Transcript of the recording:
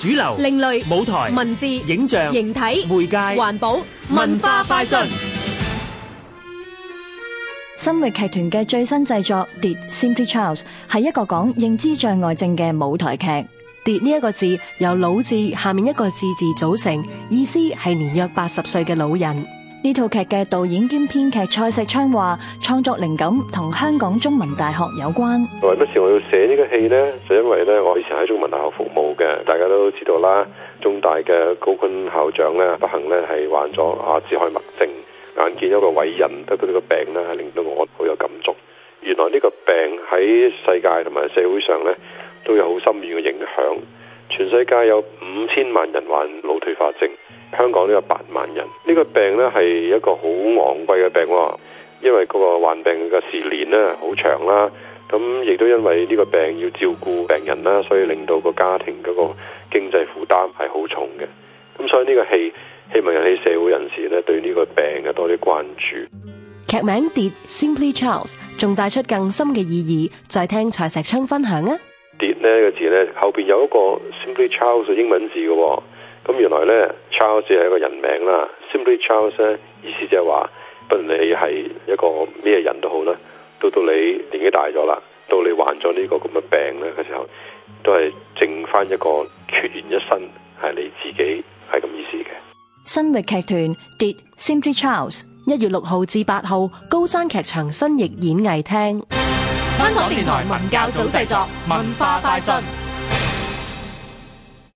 主流、另類舞台、文字、影像、形體、媒介、環保、文化快訊。新域劇團嘅最新製作《耋 Simply Charles》係一個講認知障礙症嘅舞台劇。耋呢一個字由老字下面一個字字組成，意思係年約八十歲嘅老人。呢套劇嘅導演兼編劇蔡錫昌話：創作靈感同香港中文大學有關。為乜事我要寫呢個戲咧？就因為咧，我以前喺中文大學服務嘅。大家都知道啦，中大嘅高錕校長咧，不幸咧係患咗阿茲海默症，眼見有個偉人得咗呢個病咧，係令到我好有感觸。原來呢個病喺世界同埋社會上咧都有好深遠嘅影響。全世界有五千萬人患腦退化症，香港都有八萬人。呢、這個病咧係一個好昂貴嘅病，哦，因為嗰個患病嘅時年咧好長啦。咁亦都因為呢個病要照顧病人啦，所以令到個家庭個經濟負擔係好重嘅。咁所以呢個戲希望引起社會人士咧對呢個病嘅多啲關注。劇名《碟 Simply Charles》仲帶出更深嘅意義，就係聽柴石昌分享啊。碟呢個字咧後邊有一個 Simply Charles 英文字嘅，哦，咁原來咧 Charles 係一個人名啦。Simply Charles 意思就係話不論你係一個咩人都好啦，到都。大咗啦，到你患咗呢個咁嘅病咧嘅時候，都係剩翻一個血染一身，係你自己，係咁意思嘅。新域劇團跌 Simply Charles，一月六號至八號高山劇場新翼演藝廳。香港電台文教組製作，文化快訊。